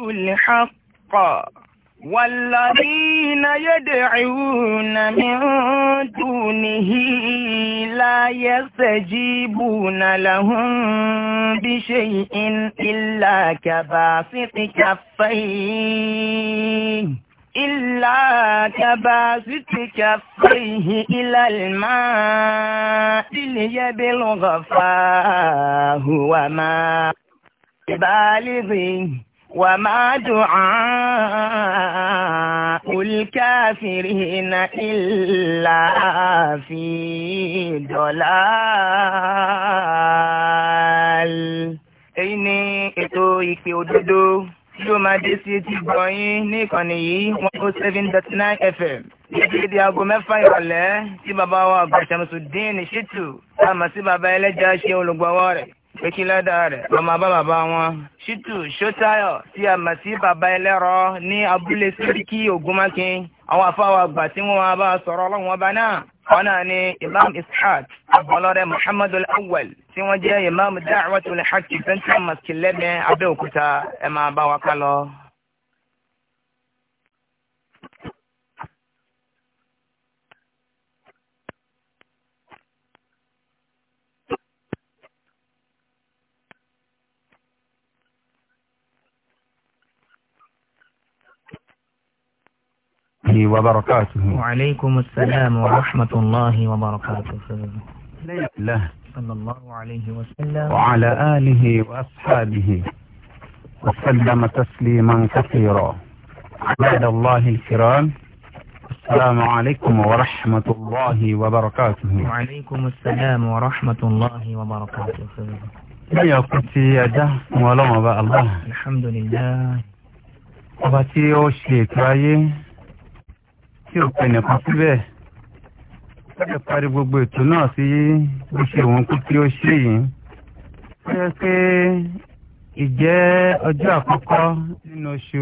الحق والذين يدعون من دونه لا يستجيبون لهم بشيء إلا كباسط كفيه إلا كباسط كفيه إلى الماء ليبلغ فاه وما بالغه وما دعاء الكافرين إلا في ضلال èyí ètò ìpè òdodo tí máa dé sí ti gbọ̀nyìn ní yìí one oh seven dot nine fm ìdíje aago mẹ́fà ìrọ̀lẹ́ tí bàbá wa àgbà Ṣàmùsùdín Ṣítù tá a mọ̀ sí bàbá ẹlẹ́jà ṣe olùgbọ̀wọ́ rẹ̀ pé kí mama bababa lọ́mọ bá bàbá wọn. ṣítù ṣótáyọ̀ tí a mọ̀ sí bàbá ẹlẹ́rọ ní abúlé síríkì ògúnmákin àwọn afáwà àgbà tí wọ́n bá a sọ̀rọ̀ ọlọ́run ọba náà wọn náà ni imam ishaq abọlọrẹ muhammadu awwal tí wọ́n jẹ́ imam da'watul haqq central mosque lẹ́mẹ̀ẹ́ abẹ́òkúta ẹ̀ máa bá wa kálọ. ورحمته وبركاته وعليكم السلام ورحمة الله وبركاته له صلى الله عليه وسلم وعلى آله وأصحابه وسلم تسليما كثيرا عباد الله الكرام السلام عليكم ورحمة الله وبركاته وعليكم السلام ورحمة الله وبركاته Lẹ́yìn ọkùn يا ẹja ولا ọlọ́run ọba Allah. Alhamdulillah. Ọba tí ó tí ò pẹ́ nìkan síbẹ̀ ó lè parí gbogbo ètò náà sí bó ṣe òun kú tí ó ṣe yìí ó yẹ pé ìjẹ́ ọjọ́ àkọ́kọ́ nínú oṣù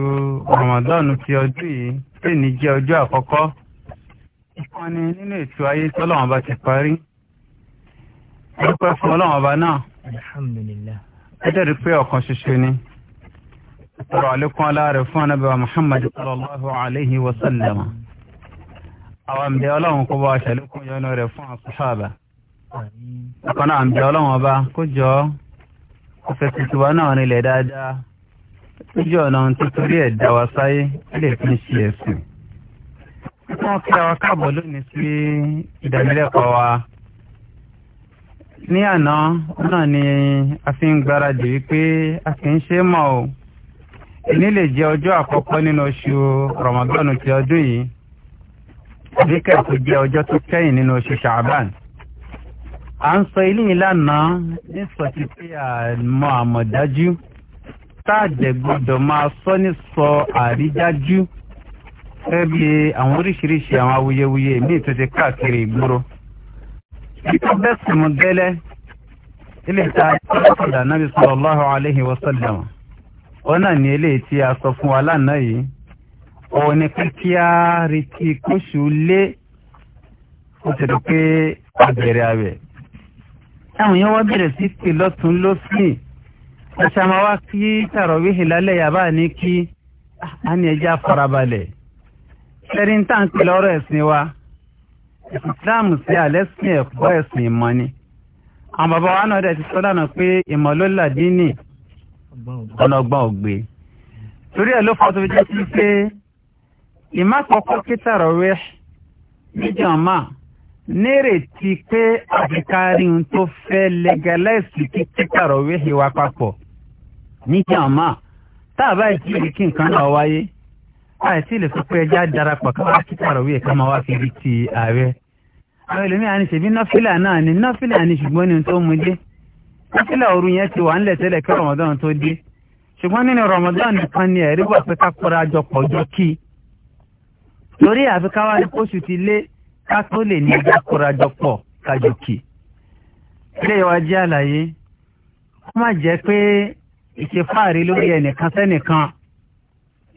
Ramadan ti ọdún yìí lè ní jẹ́ ọjọ́ àkọ́kọ́ ìkànnì nínú ètò ayé tọ́lọ́wọ́n bá ti parí dúpẹ́ fún ọlọ́run ọba náà. alhamdulilayi. ẹ jẹ́rìí pé ọ̀kan ṣoṣo ni. sọ̀rọ̀ àlékún aláàrẹ̀ fún anábẹ́wà muhammad sallallahu alayhi wa sallam àwọn àmì ọlọ́run kó bá ṣẹ̀lẹ́kùn yọnu rẹ̀ fún àkúṣàbà ọkàn náà àmì ọlọ́run ọba kó jọ kó fẹsẹ̀ tiwa náà nílẹ̀ dáadáa lójú ọ̀nà títorí ẹ̀ dá wa sáyé lè fi ṣe ẹ̀sìn. wọ́n kíra wa káàbọ̀ lónìí sí ìdánilẹ́kọ̀ọ́ wa ní àná náà ni a fi ń gbáradì wípé a kì í ṣe é mọ̀ o èyí lè jẹ́ ọjọ́ àkọ́kọ́ nínú oṣù rọ̀mọ́dọ́nù ti ọdún yìí. zikr tó jẹ́ ọjọ́ tó kẹ́yìn nínú oṣù ṣàbán à ń sọ ilé ìlànà ní sọ pé àmọ́ àmọ̀dájú táàdẹ̀ gbọ́dọ̀ máa sọ ní sọ àrídájú fẹ́ àwọn oríṣiríṣi àwọn awuyewuye míì tó ti káàkiri ìgboro ìtọ́ bẹ́ẹ̀ sì mú gẹ́lẹ́ ilé ìta ìtọ́jú ọ̀dà nábì sallallahu alaihi wasallam ni eléyìí tí a sọ fún wa lánàá yìí. òun ni pé kí á retí kóṣù lé ó ti rò pé a bẹ̀rẹ̀ àwẹ̀. táwọn yẹn wá bẹ̀rẹ̀ sí pè lọ́tún lọ́sìn ẹ̀ṣẹ̀ máa wá kí tàràwíhì lálẹ́ yàrá ní kí á ah, ní ẹja farabalẹ̀. sẹ́rí ń tà ń pè lọ́rọ̀ ẹ̀sìn wa Islam sí alẹ́ sìn ẹ̀kọ́ ẹ̀sìn ìmọ̀ ni. àwọn bàbá wa náà dẹ̀ ti sọ lánàá pé ìmọ̀ ló là ní ọ̀nà ọgbọ́n ògbé. torí ẹ̀ ló fọ́ tó fi jẹ́ sí pé ìmá kọ́kọ́ kí tàràwíhì níjàmá nírètí pé àbíkárí ń tó fẹ́ lẹ́gẹ́lẹ́sì kí tàràwíhì wá papọ̀ níjàmá táàbá ìkíni kí nǹkan náà wáyé àìsí lè sọ pé ẹja darapọ̀ ká wá kí tàràwíhì ká máa wá fi rí ti ààrẹ àwọn ẹlòmíràn ní ṣèbí nọ́fìlà náà ni nọ́fìlà ni ṣùgbọ́n ní tó mú dé nọ́fìlà òru yẹn ti wà ńlẹ̀ tẹ́lẹ̀ kí rọmọdán tó dé ṣùgbọ́n nínú rọmọdán nìkan ni ẹ̀rí wà pé ká kóra jọ pọ̀ kí i torí àfi káwá ní oṣù ti lé ká tó lè ní ẹja kórajọ pọ̀ kájọkì ilé wa jẹ́ àlàyé kó má jẹ́ pé ìṣèfáàrí lórí ẹnìkan sẹ́nìkan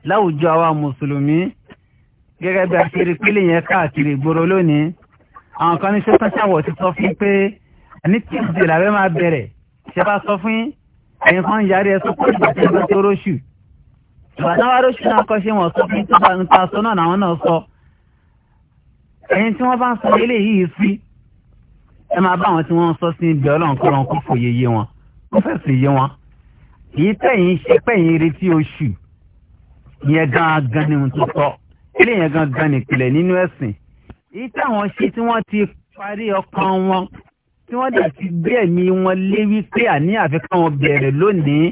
láwùjọ àwa mùsùlùmí gẹ́gẹ́ bí a ṣe rí pílì yẹn káàkiri ìgboro lónìí àwọn kan ní sọ́kàn ṣàwọ̀ ti sọ fún pé àní tíìsì làwẹ́ máa bẹ̀rẹ̀ ṣe bá sọ fún ẹ̀yin kan yàrá ẹ̀ sọ́kàn ìgbà tí wọ́n tó róṣù bàtàwárò ṣe náà kọ́ṣe wọn sọ fún títa nípa sọ náà làwọn náà sọ ẹyin tí wọ́n bá ń sọ eléyìí sí ẹ máa bá àwọn tí wọ́n ń sọ sí ibi ọlọ́nkọ́rọ́n kó fòye yé wọn kó fẹ̀sùn yé wọn èyí tẹ̀yìn ṣe pẹ̀yìn retí oṣù yẹn gangan ni ohun tó sọ eléyìí gangan nìpìlẹ̀ nínú ẹ̀sìn èyí táwọn ṣe tí wọ́n ti parí ọkàn wọn tí wọ́n dẹ̀ ti gbé ẹ̀mí wọn lé wípé àní àfikún wọn bẹ̀rẹ̀ lónìí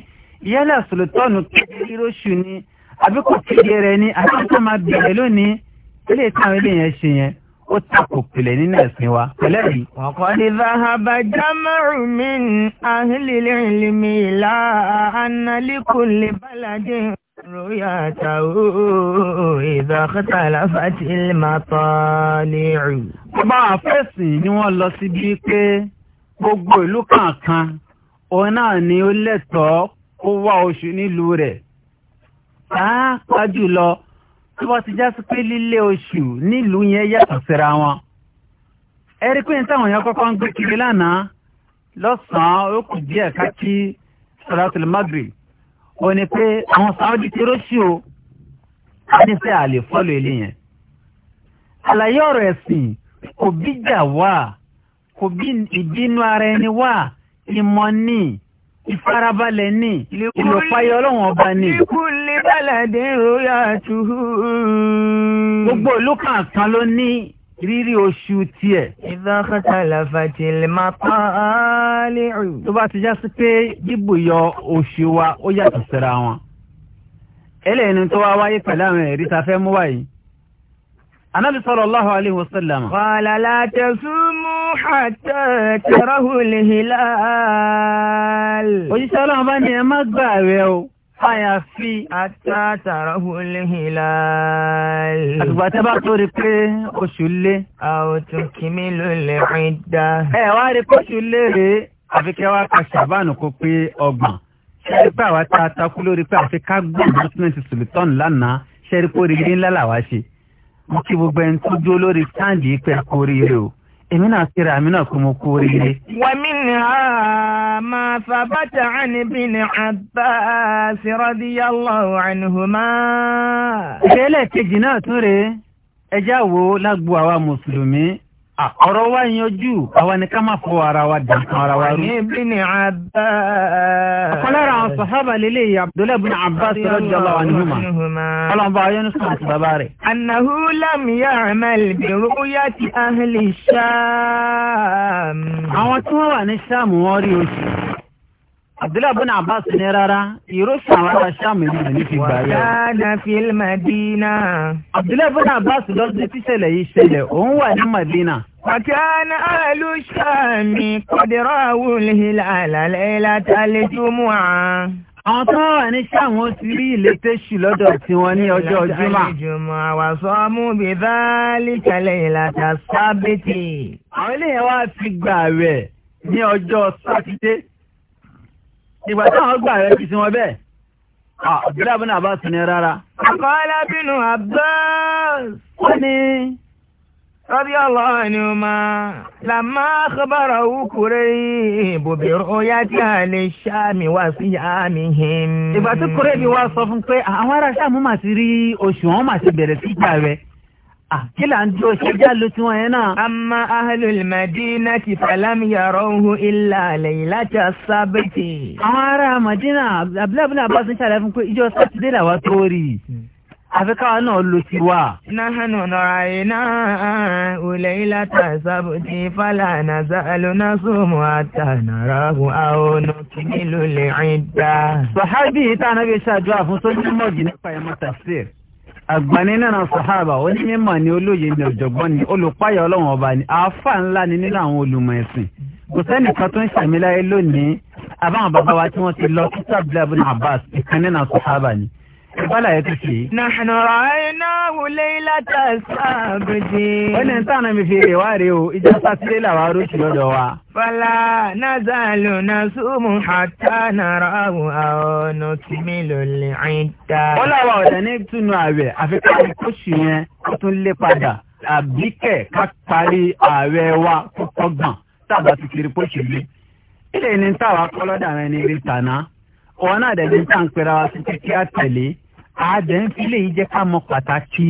yálà sòlótọ́ọ̀nù kéde lóṣù ni àbí kò kéde rẹ ni àbí kò máa bẹ̀rẹ̀ lónìí ilé táwọn ilé yẹn ṣe yẹn ó takò pèlè nínú ẹ̀sìn wa pẹ̀lẹ́ yìí. ọ̀kọ́ni zahaba jamaru min ahilili ilimi la analikunle balade royata ooo ìdàkọ́ta aláfàtì ilmatọ́lẹ́rù. ọba àfẹ́sìn ni wọ́n lọ síbi pé gbogbo ìlú kankan òun náà ni ó lẹ́tọ̀ọ́ kó wá oṣù nílùú rẹ̀ pàápàá jùlọ tí wọ́n ti já sí pé lílé oṣù nílùú yẹn yàtọ̀ síra wọn. ẹ rí pé ní táwọn yẹn kọ́kọ́ ń gbé kiri lánàá lọ́sàn-án ó kù díẹ̀ ká kí salatul maghrib ó ní pé àwọn sáwọ́dì ti róṣì o a ní sẹ́ àlè fọ́lù ilé yẹn. àlàyé ọ̀rọ̀ ẹ̀sìn kò bíjà wá kò bí ìbínú ara ẹni wá ìmọ̀ níì ìfarabalẹ̀ ní ìlòpayọ ọlọ́run ọba ní. ìkúlé bàlàdé ìròyà àtúhù. gbogbo ìlú kọ̀ọ̀kan ló ní rírí oṣù tiẹ̀. tó bá ti já sí pé bíbùyọ oṣù wa ó yàtọ̀ síra wọn. eléyìí tó wá wáyé pẹ̀lú àwọn ẹ̀rí tá a fẹ́ mú wáyìí. Anábì sallallahu alaihi wasallam. Qala la tasumu hatta tarahul hilal. Òjíṣẹ́ ọlọ́run bá ní ẹ má gbààwẹ̀ o. Àyàfi hatta tarahul hilal. Àtùgbà tẹ́ bá tó rí pé oṣù lé. Àwòtún kìíní ló lè rìn dá. Ẹ wá rí kóṣù lé rèé. Àfikẹ́ wa ka ṣàbánu kó pé ọgbọ̀n. Ṣé àwa ta takú lórí pé àfi ká gbọ́n bọ́tímẹ́ǹtì Sùlùtọ́ọ̀nù lánàá? Ṣé rí pé ńlá làwa ṣe? mo kí gbogbo ẹni tó dúró lórí sáǹdì pé kú oríire o èmi náà síra àmì náà kó mo kú oríire. wa minha ma thabata an ibn Abbas radiyallahu anhuma. ìṣẹ̀lẹ̀ kejì náà tún rèé ẹjẹ́ àwo lágbo àwa mùsùlùmí ọ̀rọ̀ wa yanjú àwa ni ká má fọ ara wa dàn kan ara wa rú. ibi ni abba. ọ̀pọ̀lára àwọn sàhábà lélẹ̀ yìí abdullahi bin abbas radiyallahu anhuma. ọlọ́mọba ayọ́nù sọ̀rọ̀ àti bàbá rẹ̀. annahu lam ya'mal bi ru'yati ahli sham. àwọn tí wọ́n wà ní sáàmù wọ́n rí oṣù abdullahi bin abbas ní rárá ìrọ́sùn àwọn ará sàmì ní ní fi gbà yẹ. wàhálà fil madina. abdullahi bin abbas lọ́dún tí ṣẹlẹ̀ yìí ṣẹlẹ̀ òun wà ní madina. وكان أهل الشام قد رأوا الهلال ليلة الجمعة àwọn tó wà ní sáwọn ó ti rí ìlété ṣù lọ́dọ̀ tiwọn ní ọjọ́ jùmọ̀. ìjùmọ̀ àwàsọ mú bí báálí kẹlẹ̀ ìlàtà sábẹ́tì ìgbà táwọn gbà rẹ̀ fi sí wọn bẹ́ẹ̀ àbúrà bí náà bá sùn ní rárá. àkọọ́lẹ̀ bínú Abbas. wọ́n ní. radiyallahu anhuma lamma akhbarahu Kurayb bi ru'yati ahli Sham wa siyamihim. ìgbà tí Kurayb wá sọ fún pé àwọn ará Ṣáàmù oṣù wọn mà ti bẹ̀rẹ̀ sí ìgbà rẹ̀. Ah, kí là ń dúró ṣe já lu tiwọn yẹn náà. amma ahlul madina ti falam yarawhu illa laylata sábẹ́tì. àwọn ará madina abúlábùlà bá tún ṣàlàyé fún pé ìjọ sátidé làwọn tó rí hmm. àfi náà lo ti wà. nahanu nọra iná ulẹ̀ ilá ta sábùtì fàlà nàza alonasómo àtànàràbù àwọn kìnnìlú lè rìn dá. sọ̀hábì ìtànà bí ṣáájú àfúnṣojú mọ́jì nípa àgbàní náà sàhábà onímọ̀ ni olóye ni ọ̀jọ̀gbọ́n ni olùpáyà ọlọ́run ọba ni àáfà ńlá ni nínú àwọn olùmọ̀ ẹ̀sìn kò sẹ́nìkan tó ń ṣàmìláyé lónìí àbáwọn bàbá wa tí wọ́n ti lọ títà bíláàbù náà Abbas ìkànnì náà sàhábà ni. Bala ya take. Nahnu ra'aynahu laylata sabti. Wannan tana mi fi reware o, ija sátidé làwa rò sí lọ́dọ̀ wa. Fala nazalu nasumu hatta narahu aw nukmilu al-'idda. Wọ́n láwa ọ̀dà ní túnú ààwẹ̀ àfikún oṣù yẹn ó tún lé padà. Àbíkẹ̀ ká parí ààwẹ̀ wa kọ́kọ́ gbọ̀n tábà ti kiri pósì mi. Ilé ní táwa kọ́lọ́dà rẹ̀ ní rí tàná. Òun náà dẹ̀ ní tàǹpẹ̀rẹ̀ wa sí kíkí àtẹ̀lé àádẹ́ńfílẹ̀ yìí jẹ́ ká mọ pàtàkì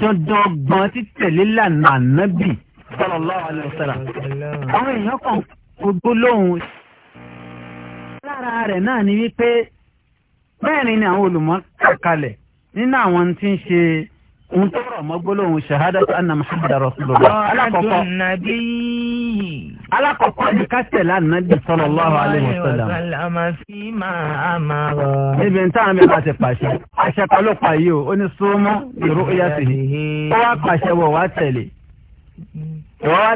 dandan gbọ́n títẹ̀lé lànà ànábì sallallahu alaihi wasallam. àwọn èèyàn kan gbogbo lóhùn. lára rẹ̀ náà ni wípé bẹ́ẹ̀ ni àwọn olùmọ̀ kàkalẹ̀ nínú àwọn tí ń ṣe ń tọrọ mọ́ gbólóhùn shahadatu anna muhammadu rasulullah alakọkọ alakọkọ ni ká tẹ̀lé anabi sallallahu alaihi wasallam. ibi n táwọn mi bá ti pàṣẹ àṣẹ kan ló pa yìí o ó ní súnmọ́ ìró ó yà sí i ó wá pàṣẹ wọ̀ wá tẹ̀lé ìwọ́ wá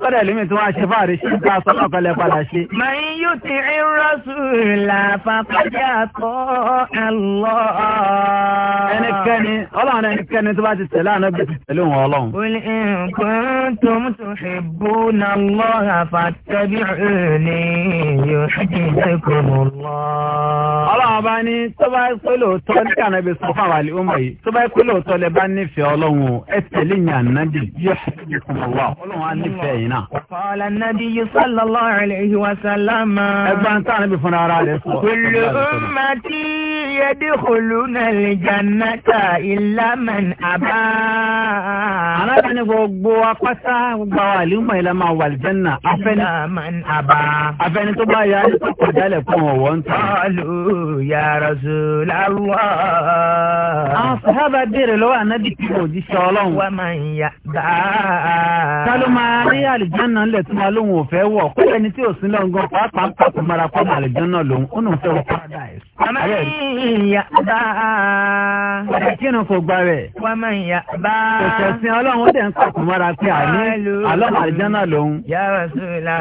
Kọ́dà ìlú mi tí wọ́n á ṣe fáàrí ṣe ń ká sọ́nà kọ́lẹ̀ padà ṣe. Màá yóò ti ń rọ́sùlà fàkọ́jà kọ́ ẹ̀lọ́. Ẹnikẹ́ni, ọlọ́run ẹnikẹ́ni tó bá ti tẹ̀lé àná bí ti tẹ̀lé òun ọlọ́run. Olè nǹkan tó ń tún ṣèbó na lọ́ àfàtẹ́bí òní yóò ṣe ìṣẹ́kùn lọ. Ọlọ́run bá ní tó bá pé lóòótọ́ ní kànáàbí sọ fún àwọn àlùmọ̀ yìí. نعم. وقال النبي صلى الله عليه وسلم أبا كل أمتي yadkhuluna al-jannata illa man aba. alága ni gbogbo apáta gbogbo àwọn àlùmọ̀ ilẹ̀ máa wà lìjánná. illa man aba. afẹni tó bá yà á kọjálẹ̀ fún ọ̀wọ́ ń tà. qalu ya rasulallah. àwọn sàhábà béèrè lọ́wọ́ ànábì tí kò jíṣẹ́ ọlọ́run. wọ́n máa ń yà bá a. sálọ́ máa rí àlìjánná ńlẹ̀ tí wọ́n lóun ò fẹ́ wọ̀ kó lẹ́ni tí ò sí lọ́ngàn pàápàá pàtó mara pàmò àlìjánná lòun ó nù fẹ́ wọ paradise yà bá. Kìnìún kò gba rẹ̀. Wọ́n máa ń yà bá. Kẹ̀kẹ́ sin ọlọ́run ó ń kàkùn mọ́ra pé àní àlọ́ àlìjánà lòun. Ya Rasulullah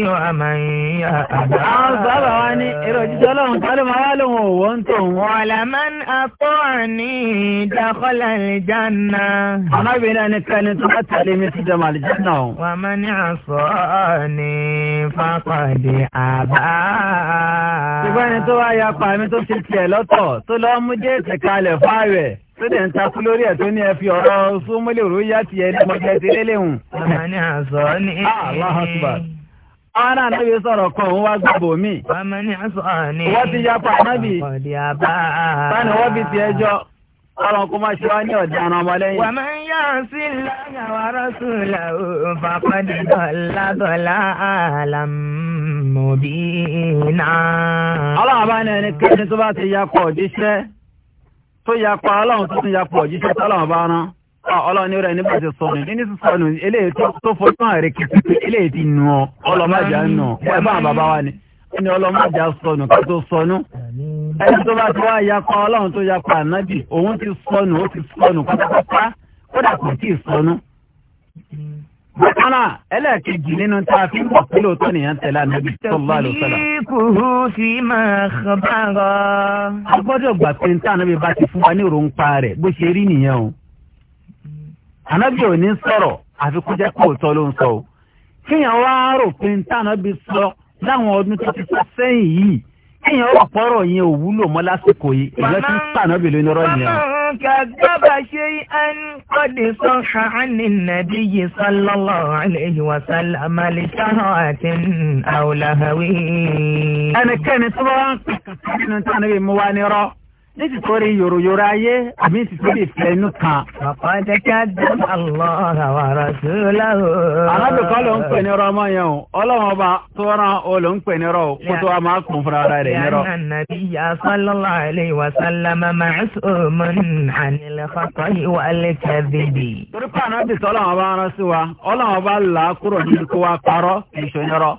yóò a máa ń yà bá. Àwọn sábà wa ní èrò òjijì ọlọ́run tó ló máa wá lòun ò wọ́n tó. Wọ̀là máa ń akọ́ àní ìdákọ́lá àlìjánà. Arábìnrin ẹni kẹ́ni tó bá tẹ̀lé mi ti jẹ́ màlìjánà o. Wà máa ní àṣọ ni fákọ̀dé àbá. Ṣùgbọ́n ẹni tó wá yapa mi tó ṣe tiẹ̀ rẹ̀ lọ́tọ̀ tó lọ́ mú déètì kalẹ̀ fáwẹ̀ tó dẹ̀ ń takú lórí ẹ̀ tó ní ẹ fi ọ̀rọ̀ súnmọ́lẹ̀ yá ti ẹ lọ́mọdé ti lélẹ́hùn. àmàlẹ́ àzọ ni. Ah, Allahu Akbar àwọn ànábì sọ̀rọ̀ kan òun wá gbogbo mi. wọ́n ti yapa ànábì. tani wọ́n fi ti ẹjọ́. Ọlọ́run kó má ṣe wá ní ọ̀daràn ọmọlẹ́yìn. Wà máa ń yá sí lọ́yà wa rọ́sùlà ò fàkọ́dé dọ̀làdọ̀là àlàmùbínà. Ọlọ́run bá ní ẹnikẹ́ni tó bá ti yapọ̀ òjíṣẹ́ tó yapọ̀ ọlọ́run tó tún yapọ̀ òjíṣẹ́ tọ́lọ́run bá rán. Ọlọ́run ní rẹ̀ nígbà tí sọnù nínú sísọnù eléyìí tó fojú hàn rẹ̀ kìkìkì eléyìí ti nù ọ ọlọ́mọdé nù ẹ bá bàbá wa ni. Ó ní ọlọ́mọdé sọnù kí tó sọnù ẹni tó bá ti wá yapa ọlọ́run tó yapa ànábì òun ti sọnù ó ti sọnù pátápátá kódà kò tí ì sọnù. bákan náà ẹlẹ́ẹ̀kejì nínú tá a fi ń bọ̀ pé lóòótọ́ nìyẹn tẹ̀lé ànábì sallallahu alaihi wasallam. kùhù sí máa kàn rọ. a gbọ́dọ̀ gbà pé ní tànábì bá ti fún wa ní òrùnpa rẹ̀ bó ṣe rí nìyẹn o. ànábì ò ní sọ̀rọ̀ àfikún jẹ́ kóòtọ́ ló ń sọ o. kíyàn wá rò pé ní tànábì sọ láwọn ọdún tó ti sọ sẹ́yìn yìí kíyàn ó yẹn ò wúlò mọ́ lásìkò yìí ìjọ tí ń tànà bèlè ní ọ̀rọ̀ yẹn. kàdábà ṣe an kọ́dé sọ ṣàánì nàbí yìí sálọ́lọ́ àlejò wàsálà àmàlẹ́ sáhàn àti àwòlàhàwé. ẹnikẹ́ni tó bá ń pè kàkàkì nínú tànà bèlè mú wa ní rọ́ ní ti torí yòròyòrò ayé àbí ti torí ìfẹ́ inú kan. bàbá jẹ́ kí á dán Allah wa rasulahu. alábìkọ́ ló ń pè ní ọrọ̀ ọmọ yẹn o ọlọ́run ọba tó rán o ló ń pè ní ọrọ̀ o kó tó a máa kún fúnra ara rẹ̀ ní ọrọ̀. yàrá nàbí ya sallallahu alayhi wa sallam ma'sumun anil khata'i wal kadhibi. torí pa àná bìtọ́ ọlọ́run ọba rán sí wa ọlọ́run ọba là á kúrò nínú kó wa parọ́ ìṣó ní ọrọ̀.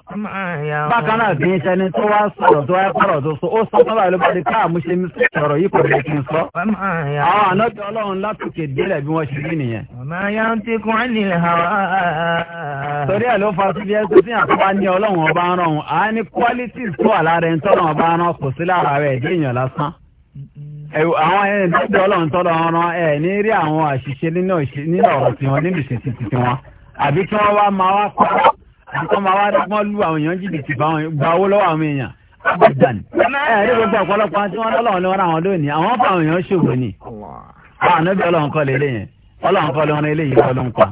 bákan náà kì í ṣẹni tó wá sọ̀rọ̀ tó wá parọ́ tó so ó sọ yìí kò lè kí n sọ. àwọn ànájọ ọlọ́run látòkè délẹ̀ bí wọ́n ṣe rí nìyẹn. ọ̀nà ya ń tí kún ní ìhàwá. torí ẹ̀ ló fa síbi ẹsẹ̀ tí àti ní ọlọ́run ọba ń rọrùn á ní qualities tó wà lára ẹni tọ́lọ́run ọba ń rán kò sí lára rẹ̀ dé èèyàn lásán. àwọn ẹni tọ́jú ọlọ́run tọ́lọ́run rán ẹ̀ ní rí àwọn àṣìṣe nínú ọ̀rọ̀ tiwọn níbi ìṣètì abadan ẹ̀rí gbogbo ọ̀pọ̀lọpọ̀ àti wọn lọ́wọ́ ni wọ́n ra àwọn lónìí àwọn fún àwọn èèyàn ṣòwò ni àwọn ànábì ọlọ́run kọ́ lélẹ̀ yẹn ọlọ́run kọ́ lọ́run eléyìí kọ́ ló ń pa.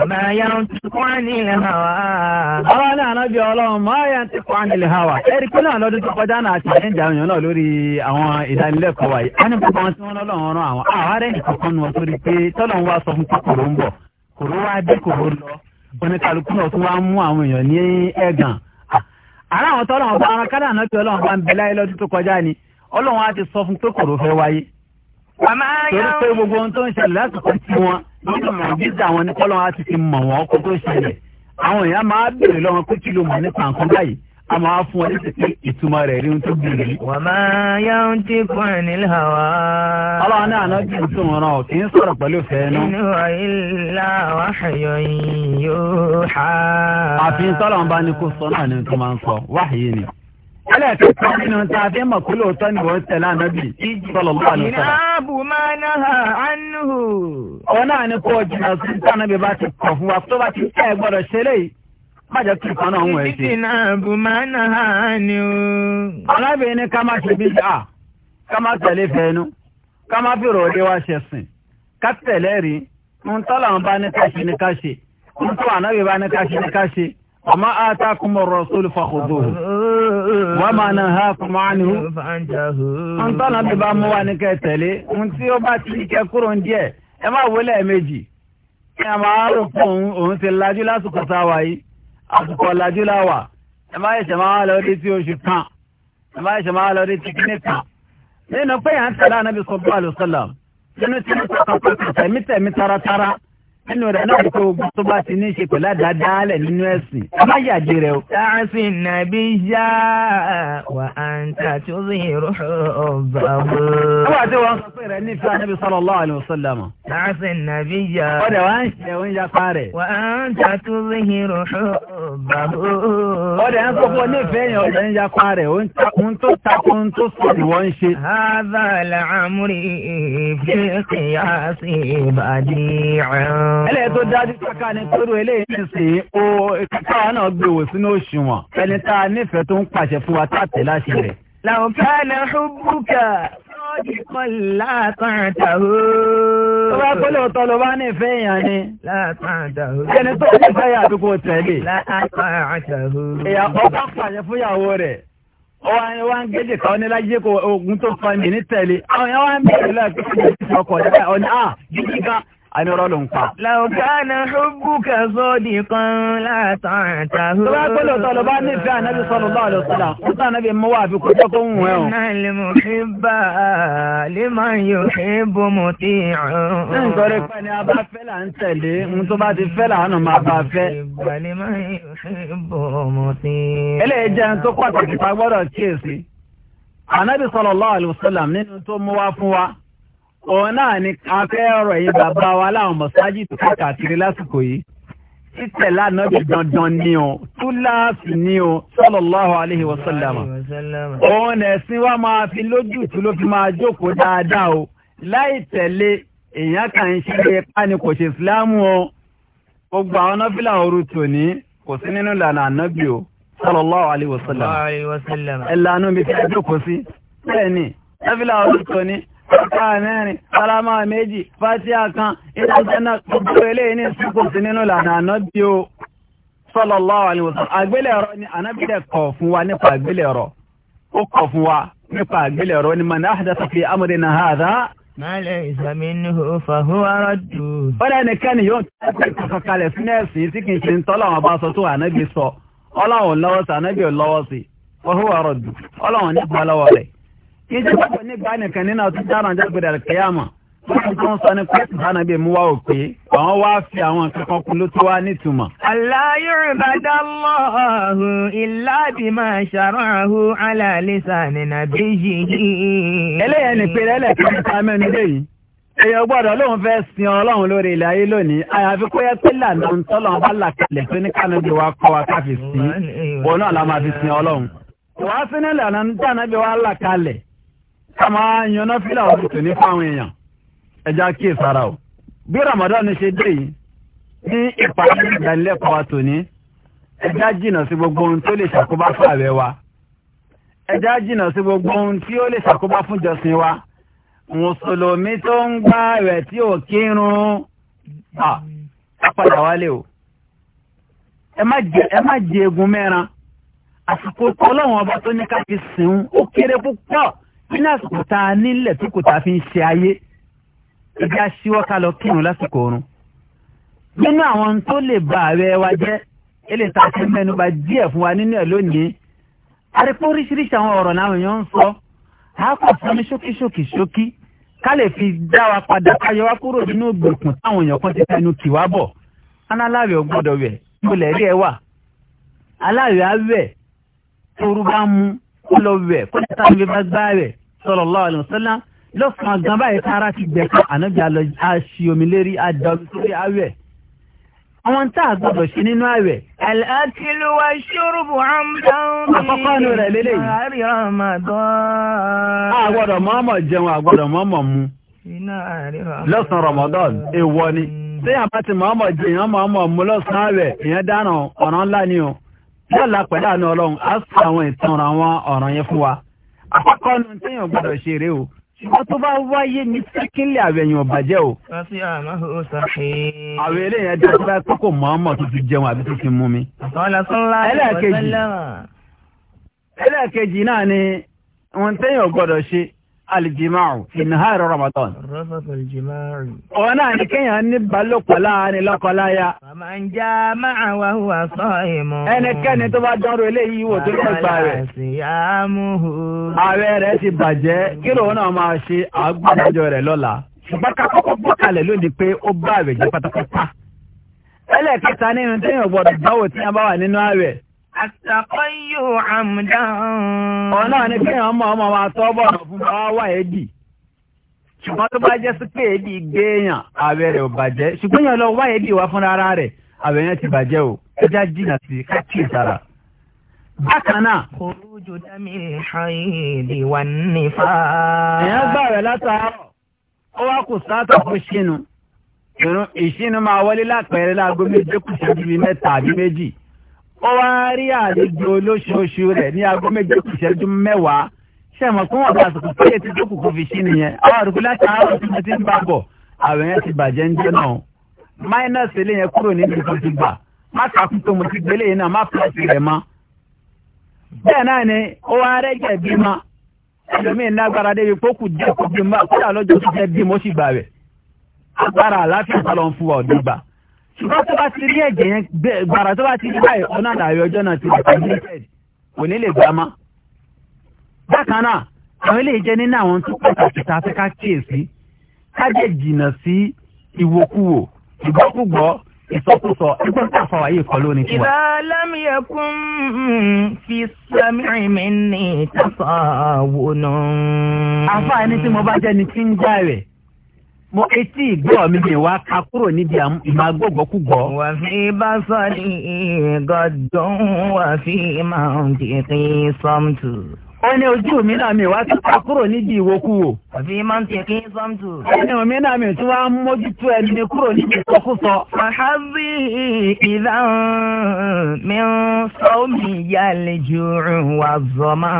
Ọba yẹn ti kọ́ nílẹ̀ hàwà. Ọlọ́run náà ànábì ọlọ́run máa yẹn ti kọ́ nílẹ̀ hàwà. Ẹ̀rí pé náà lọ́dún tó kọjá náà àti ẹ̀jẹ̀ àwọn èèyàn náà lórí àwọn ìdánilẹ́kọ̀ọ́ wa yìí. Wọ́n ní gbogbo wọn tí wọ́n lọ́lọ́run rán àwọn. Àwọn arẹ́ nìkan kan nu ọtún rí pé tọ́lọ́run wá sọ fún pé kòró ń bọ̀. Kòró wá dé kòró lọ. Oníkàlùkù náà tún wá mú àwọn èèyàn ní ẹ̀gàn àrà àwọn tọ́lọ̀ ọba ara kádà náà pé ọlọ́run bá ń bẹ láyé lọ́dún tó kọjá ni ọlọ́run á ti sọ fún pé kòrò fẹ́ wáyé. torí pé gbogbo ohun tó ń ṣẹlẹ̀ lásìkò tí wọn nínú mọ̀jísà àwọn ní kọ́lọ́run á ti fi mọ̀ wọ́n kó tó ṣẹlẹ̀ àwọn èèyàn máa béèrè lọ́wọ́ pé kí ló mọ̀ nípa nǹkan báyìí a máa fún ọ ní tẹ̀sí ìtumọ̀ rẹ̀ rí tó gbìyànjú. wọ́n máa yá ń tí kún ẹ̀ nílẹ̀ wá. ọlọ́run náà lọ jù tó wọn náà kì í sọ̀rọ̀ pẹ̀lú ìfẹ́ inú. inú àìlá wáhàyọ̀ yóò há. àfihàn sọ́lọ̀ bá ní kó sọ náà ni tó máa ń sọ wáhàyè ni. ẹlẹ́ẹ̀kẹ́kọ̀ọ́ nínú tá a fi mọ̀ kó lóòótọ́ ni wọ́n tẹ̀lé ànábì sọ̀lọ̀ lọ́wọ́ Májẹ̀ kí nǹkan náà ń wẹ̀ sí. Ìdí náà bù máa ń ha ni o. Arábìnrin ní ká má ṣe bí ṣáà, ká má tẹ̀lé fẹ́nu, ká má fèrò òde wá ṣe sìn, ká tẹ̀lé rí, ń tọ́lá wọn bá ní ká ṣe ní ká ṣe, ń tó ànábì bá ní ká ṣe ní ká ṣe. وما آتاكم الرسول فخذوه وما نهاكم عنه ń tọ́nà bí bá mú wa ní kẹ́ tẹ̀lé ń tí ó bá ti kẹ́ kúrò díẹ̀ ẹ má wọlé ẹ̀mejì ẹ máa rò fún òun ti lajú lásìkò táwa yìí àsìkò ọ̀làjú láwà ẹ má ṣe máa lọ dé tí oṣù kan ẹ má ṣe máa lọ dé tí kíní kan nínú pé yàn ń tẹ̀lé ànábì sọ bá nínú tí wọ́n sọ kan pé tẹ̀mítẹ̀mí taratara nínú rẹ̀ náà ni pé ogun tó bá ti ní í ṣe pẹ̀lú àdáadáalẹ̀ nínú ẹ̀sìn ẹ má yàgé rẹ o. tààfin nàbí yá wà á ń ta tí ó sì rú ọba bò. ó wà tí wọn sọ pé rẹ nífẹ̀ẹ́ anábì sallallahu alaihi wasallam. tààfin nàbí yá. ọ̀dẹ̀ wà á ń ṣe òun yapa rẹ̀. wà á ń ta tí ó sì rú ọba bò. ọ̀dẹ̀ ń kókó nífẹ̀ẹ́ yẹn ọ̀dẹ̀ ń yapa rẹ̀ ohun tó takò ohun tó sọ ni wọ́n ń ṣe. هذا العمر في قياس بديع ẹlẹ́ tó dájú káká ni tóru eléyìí ní o káwa náà gbé sínú òṣùwọ̀n ẹni tá a nífẹ̀ẹ́ tó ń pàṣẹ fún wa tá a tẹ̀ láṣẹ rẹ̀. làwùká lè ṣubúkà lọ́ọ̀dìkan látàntàwó. tó bá pẹ́ lóòótọ́ ló bá nífẹ̀ẹ́ èèyàn ni. látàntàwó. ẹni tó ń fẹ́ yà àdúgbò tẹ̀lé. látàntàwó. ìyàpọ̀ bá pàṣẹ fún ìyàwó rẹ̀ wọ́n wá ń gẹ́jì kan níláyé kó ogun tó kọ́ ní tẹ̀lé àwọn yẹn wá ń bẹ̀rẹ̀ lọ́ọ̀ àní ọ̀rọ̀ ló ń pa. làwùkánà hubbuka sadiqan látàntàhù. tó bá gbọ́dọ̀ sọ ló bá nífẹ̀ẹ́ ànábì sallallahu alaihi wasallam kó tá ànábì mú wà àfikún tó kó ń wẹ̀ o. innal muhibba liman yuhibbu muti'un. nítorí pé ni a bá fẹ́ là ń tẹ̀lé ohun tó bá ti fẹ́ làánù máa bá fẹ́. eléyìí jẹ́ ohun tó pàtàkì pa gbọ́dọ̀ kíyèsí. ànábì sallallahu alaihi òun náà ni a fẹ́ ọ̀rọ̀ yìí bàbá wa láwọn mọ̀sájì tó káàkiri lásìkò yìí títẹ̀ lánàá bí dandan ni o túláàsì ni o sallallahu alaihi wa sallam. òun ẹ̀sìn wa máa fi lójú tí ló fi máa jókòó dáadáa o láì tẹ̀lé èèyàn kàn ń ṣe ipá ni kò ṣe ìsìláàmù o gbogbo àwọn nọ́fìlà ooru tòní kò sí nínú ìlànà ànábì o sallallahu alaihi wa sallam. ẹ̀lànà mi fi jókòó sí bẹ́ẹ̀ ni nọ́fìlà ooru tòní ọ̀ká mẹ́rin sálámà méjì fásíà kan ìdájẹ́nà gbogbo ilé ní ṣùkò sí nínú lànà ànábí o sallallahu alaihi wasallam àgbélẹ̀rọ ni ànábí dẹ̀ kọ̀ fún wa nípa àgbélẹ̀rọ ó kọ̀ fún wa nípa àgbélẹ̀rọ ni man ahdatha fi amrina hadha ma laysa minhu fa huwa raddu. ó dẹ́ nìkan ni yóò kẹ́kọ̀ọ́ kalẹ̀ fún ẹ̀sìn tí kì í ṣe ń lọ́wọ́ sí ànábì lọ́wọ́ sí fa kìí ṣe pàpọ̀ nígbà nìkan nínú ọtún dáná jágbèrè àkẹyàmọ̀ wọ́n tó sọ ní pé ìbáná bíi mú wá ò àwọn wá fi àwọn nǹkan kan kún ló tó wá nítumọ̀. aláyọ̀ ìbàdà lọ́hùn ìlàbìmọ̀ ṣàrànhù alàlẹ́sà nìna bíyì. eléyẹ̀ ní pé ẹlẹ́kẹ́ ní ta mẹ́nu lé yìí. èèyàn gbọ́dọ̀ lóun fẹ́ sin ọlọ́run lórí ilẹ̀ ayé lónìí àyàfi kó yẹ pé lànà ń tọ́lọ̀ bá là tó ní kánúbí wa kọ́ wa káfí sí òun náà ká máa yan náfìlà ọdún tòní fáwọn èèyàn ẹja kíyè sára o bí Ramadan ṣe dé yìí ní ìparí ìdánilẹ́kọ̀ọ́ wa tòní ẹja jìnnà sí gbogbo ohun tó lè ṣàkóbá fún àwẹ̀ wa ẹja jìnnà sí gbogbo ohun tí ó lè ṣàkóbá fún jọsìn wa mùsùlùmí tó ń gbá rẹ̀ tí ò kírun á padà wálé o ẹ má jẹ egun mẹ́ran àsìkò tọ́lọ́wọ́n ọba tó ní ká fi sìn ó kéré púpọ̀ nínú àsìkò tá a nílẹ̀ tí kò tá a fi ń ṣe ayé ìjà ṣíwọ́ ká lọ kírun lásìkò oorun nínú àwọn tó lè ba ààrẹ wa jẹ́ eléyìí tá a ti mẹ́nuba díẹ̀ fún wa nínú ẹ̀ lónìí arípò oríṣiríṣi àwọn ọ̀rọ̀ làwọn èèyàn ń sọ àákò fún mi ṣókí ṣókí ká lè fi dá wa padà ká yọ wá kúrò nínú ògbèkùn táwọn èèyàn kan ti tẹnu kì wá bọ̀ aláàrẹ̀ ọgbọ́dọ̀ rẹ̀ mo lẹ̀ rí ẹ wà aláàrẹ̀ á rẹ̀ torú bá mú kó lọ wẹ̀ kó lè tàbí bá gbá rẹ̀ sallallahu alaihi wasallam lọ́sàn-án gan báyìí kára ti gbẹ̀ kan ànábì àlọ́ àṣì omi lérí àdàbí sórí àwẹ̀ àwọn tá a gbọdọ̀ ṣe nínú àwẹ̀. Al-aklu wa shurbu Àkọ́kọ́ nu rẹ̀ lélẹ̀ yìí. Ramadan. A mọ́mọ́ jẹun, a mọ́mọ́ mu. Lọ́sàn-án Ramadan, èèwọ̀ ni. Téèyàn bá ti mọ́mọ́ jẹun, mọ́mọ́ mu lọ́sàn-án rẹ̀, ìyẹn dáràn ọ̀ràn ńlá ni o lọ́la pẹ̀lú àánú ọlọ́run á sọ àwọn ìtàn àwọn ọ̀ràn yẹn fún wa àkọ́kọ́ nu téèyàn gbọ́dọ̀ ṣeré o ṣùgbọ́n tó bá wáyé ní síkínlẹ̀ àwẹ̀yìn ọ̀bàjẹ́ o. àwọn eléyàn dá sí báyìí kókò mọ́ọ́mọ́ tó ti jẹun àbí tó ti mú mi. ẹlẹ́ẹ̀kejì ẹlẹ́ẹ̀kejì náà ni ohun téèyàn gbọ́dọ̀ ṣe alìjìmáàrù ìnáhàrọ̀ Ramadan. ọ̀nà àníkéyàn ní balùpọ̀ láàárín lọ́kọláya. man maa wa huwa sa'imun. ẹnikẹ́ni tó bá dánrò eléyìí wò tó lọ́ọ́ gba rẹ̀. ààrẹ rẹ̀ ti bàjẹ́ kí lòun náà máa ṣe àgbàdájọ rẹ̀ lọ́la. ṣùgbọ́n ká kọ́kọ́ gbọ́kàlẹ̀ lónìí pé ó bá ààrẹ jẹ́ pátápátá. ẹlẹ́ẹ̀kẹta nínú téèyàn gbọ́dọ̀ báwo tí a bá wà nínú ààrẹ. àtàkọ́yò àmúdá. ọ̀nà ni kéèyàn mọ̀ ọmọ wa tọ́ bọ̀ ṣùgbọ́n tó bá jẹ́ sípé ebi gbéèyàn ààwẹ̀ rẹ̀ ò bàjẹ́ ṣùgbọ́n yẹn lọ wá ebi wá fúnra ara rẹ̀ ààwẹ̀ yẹn ti bàjẹ́ o ẹja jìnnà sí káàkiri sára. bákan náà. kòrójò dámì ṣáìlì wà ní fa. èèyàn gbà rẹ̀ látàárọ̀ ó wá kò sáàtà fún ṣínú ìṣínú máa wọlé lápẹẹrẹ láago méje kù sí ibi mẹ́ta àbí méjì ó wá rí àlejò olóṣooṣù rẹ̀ ní aago méje kù sí ẹjú mẹ́wàá ṣe mọ̀ fún ọ̀dọ̀ àsìkò tí ètò tó kù kò fi sí nìyẹn àwọn àdúgbò láti àárọ̀ tí mo ti ń bá bọ̀ àwẹ̀ yẹn ti bàjẹ́ ń jẹ́ náà minus ilé yẹn kúrò níbi tó ti gbà má kàkún tó mo ti gbélé yẹn náà má plus rẹ̀ mọ́. bẹ́ẹ̀ náà ni ó wá rẹ́jẹ̀ bí ma ẹlòmíín lágbára débi pé ó kù díẹ̀ kó bí ma kódà lọ́jọ́ tó fẹ́ bí mo sì gbà rẹ̀ agbára àláfíà tó lọ ń fún ọ̀dọ́ gbà ṣùgbọ́n tó bá ti rí ẹ̀jẹ̀ yẹn gbàrà tó bá ti rí báyìí bákan náà àwọn eléyìí jẹ́ nínú àwọn tó pàtàkì tá a fẹ́ ká kíyèsí ká jẹ́ jìnnà sí ìwòkuwò ìgbọ́kúgbọ́ ìsọkúsọ ẹgbẹ́ tí a fọ wáyé kọ lónìí tiwa. ìbá lámìyẹ kún fi sẹ́mìrì mi ní ìtàfà wọnà. afa ẹni tí mo bá jẹ́ ni tí ń já rẹ̀ mo etí ìgbọ́ mi ni wá ká kúrò níbi ìmàgbọ́gbọ́kúgbọ́. wà fi bá sọ ní ìgọ̀dọ̀ wà fi máa ń dìrín sọ́mtù ó ní ojú mi náà mi wá tún kúrò níbi ìwòkuwò. àfi máa ń tẹ kí n sọ́n tù. ẹni omi náà mi tún wá mójútó ẹni mi kúrò níbi ìsọkúsọ. màhábì ìdáhùn mi ń sọ mi yálẹ̀ ju wà zọ́mà.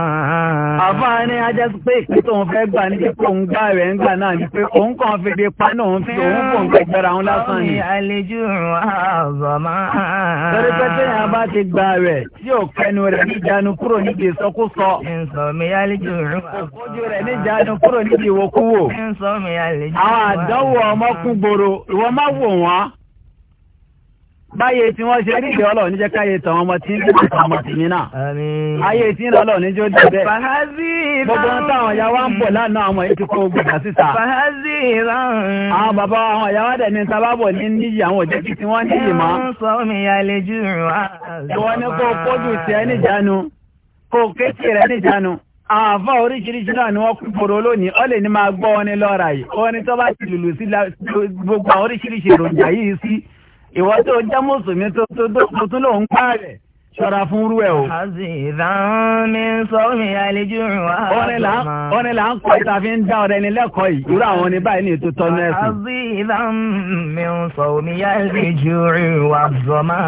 àfáà ni ajá sí pé ìpín tóun fẹ́ gbà ní pípé òun gbà rẹ̀ ń gbà náà ni pé òun kàn fi de pa náà fi òun kò ń gbẹgbẹra òun lásán ni. yálẹ̀ ju wà zọ́mà. sọ mi yá lójú òórùn. kúrò níbi ìwòkúwò. ń sọ àwọn àdánwò ọmọkúgboro ìwọ má wò wọn báyé tí wọ́n ṣe rí ìgbẹ́ níjẹ́ káyé tàwọn ọmọ tí ń dìbò tàwọn ọmọ tì mí náà. ayé tí ń níjó gbogbo ń táwọn wa ń bọ̀ lánàá àwọn ti kó síta. àwọn bàbá kò kéèkì rẹ̀ níjánu àwọn àfá oríṣiríṣi náà ni wọ́n kú kòrò lónìí ọ lè ní máa gbọ́ ọ ní lọ́ra yìí ó ní tó bá ti lùlù sí gbogbo oríṣiríṣi èròjà yìí sí ìwọ́n tó jẹ́ mùsùlùmí tó tó tó tún lòun pààrẹ̀ ṣọ́ra fún rú ẹ̀ o. àzìdánmi sọ́mi àlejò wa. ọ̀rẹ́ là ń kọ́ ìta fi ń dá ọ̀rẹ́ ni lẹ́kọ̀ọ́ yìí irú àwọn ní báyìí ní ètò tọ́nu ẹ̀sìn. àzìdánmi sọ́mi àlejò wa zọ́mà.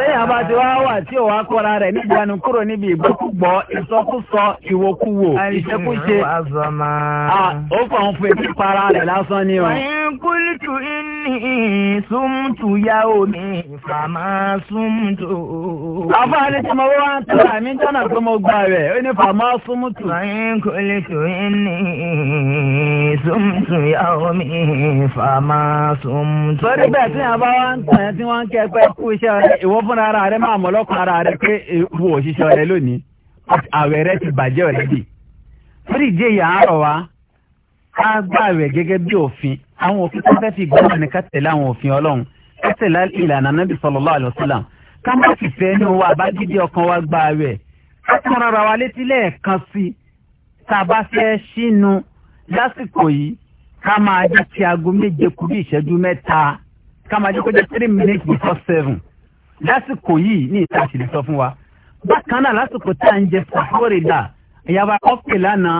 sẹ́yìn abá ti wá wà tí ò wá kọ́ra rẹ̀ níjànú kúrò níbi ìgbọ́kúgbọ́ ìsọkúsọ ìwòkúwò ìṣekúṣe. àlejò ó fọ̀ ń fún etí para rẹ̀ lásán ni o kúlìtù ìní súnmùtù yá omi fàmà súnmùtù. àfààní tí mo wá ń tẹ̀lé mi jọ́nà tó mo gbà rẹ̀ ó ní fàmà súnmùtù. ṣàyìn kúlìtù ìní súnmùtù yá omi fàmà súnmùtù. sọ́rí bẹ́ẹ̀ tí yàrá bá wá ń tàn ẹ́ tí wọ́n ń bí òfin àwọn òfin tó fẹ́ fi gbọ́dọ̀ ní ká tẹ̀lé àwọn òfin ọlọ́run ká tẹ̀lé ìlànà nàbì sallallahu alaihi wasallam ká má sì fẹ́ ní owó àbájídé ọkàn wa gba rẹ̀ ká tún rárá wa létí lẹ́ẹ̀kan sí i tá a bá fẹ́ sínú lásìkò yìí ká máa jẹ́ ti aago méje kù bí ìṣẹ́jú mẹ́ta ká máa jẹ́ kó jẹ́ three minutes before seven lásìkò yìí ní ìta àṣìlè sọ fún wa bákan náà lásìkò tá à ń jẹ sàfórè dà ìyàwó akọ́pẹ̀ lánàá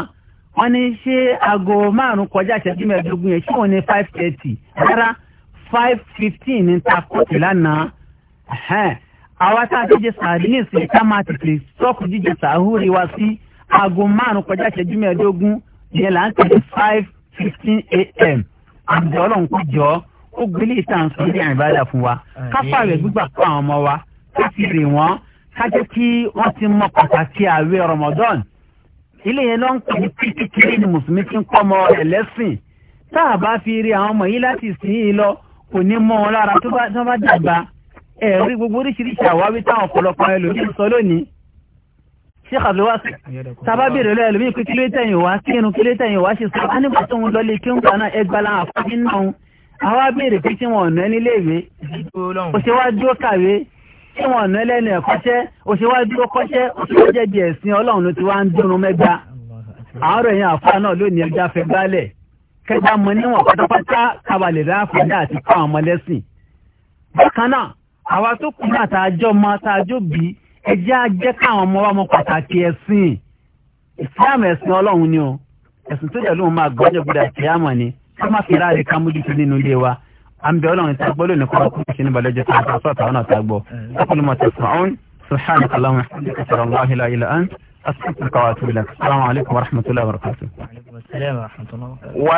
wọ́n ní ṣé aago márùn-ún kọjá ìṣẹ́jú mẹ́ẹ̀ẹ́dógún yẹn ṣé ní five thirty rárá five fifteen ní ta kóòtù lánàá àwa tá a ti jẹ sàárì ní ìsìn ká máa tètè sọ́ọ̀kù jíjẹ sàhúrì wa sí aago márùn kọjá ìṣẹ́jú mẹ́ẹ̀ẹ́dógún yẹn là ń tẹ̀lé five fifteen a.m. àbẹ̀ ọlọ́run kò jọ ó gbélé ìtàn sọ ní àìbáyà fún wa káfà rẹ̀ gbígbà fún àwọn ọmọ wa ká fi rè wọ́n ká jẹ́ kí wọ́n ti mọ pàtàkì ààwẹ̀ Ramadan ilé yẹn ló ń pè ní kékeré ni mùsùlùmí ti ń kọ́ ọmọ rẹ̀ lẹ́sìn tá a bá fi rí àwọn ọmọ yìí láti sìn yìí lọ kò ní mọ wọn lára tó bá dàgbà ẹ̀rí gbogbo oríṣiríṣi àwáwí táwọn ọ̀pọ̀lọpọ̀ ẹlòmíín sọ lónìí sheikh abdulwasi taba béèrè lọ́yẹ̀ lómi pé kílé tẹ̀yìn wá sí inú kílé tẹ̀yìn wá ṣe sọ anígbà tó ń lọlé kí ń gbà náà ẹgbà láwọn afọ́jú náà àwa béèrè pé tí wọn ò ná nílé ìwé ṣe wá dúró kàwé tí wọn ọ̀nà ẹlẹ́nu ẹ̀ kọ́ṣẹ́ òṣèwádìí ó kọ́ṣẹ́ òṣèwádìí di ẹ̀sìn ọlọ́run ló ti wá ń dúró mẹ́gbà àárọ̀ yẹn àfa náà lónìí ẹja fẹ́ gbálẹ̀ kẹjá mọ níwọ̀n pátápátá kábàlẹ̀ ráfàdá àti kọ́ àwọn ọmọlẹ́sìn. bákan náà àwa tó kù náà tá a jọ ọmọ tá a jó bí ẹjẹ́ á jẹ́ káwọn ọmọ wa mọ pàtàkì ẹ̀sìn ìsìlámù ẹ̀sìn ọlọ́run ni o ẹ̀sìn tó dẹ̀ lóun máa gbọ́jọ́ gbọ́dọ̀ àti àmọ̀ ni ká má fi ráre ká mójútó nínú ilé wa an bẹ ọlọ́run tí a gbọ́ lónìí kọ́ kó kí ni balẹ̀jẹ́ tó ta ọ̀nà tá سبحانك اللهم وبحمدك اشهد ان لا اله الا انت استغفرك واتوب اليك السلام عليكم ورحمه الله وبركاته وعليكم السلام ورحمه الله وبركاته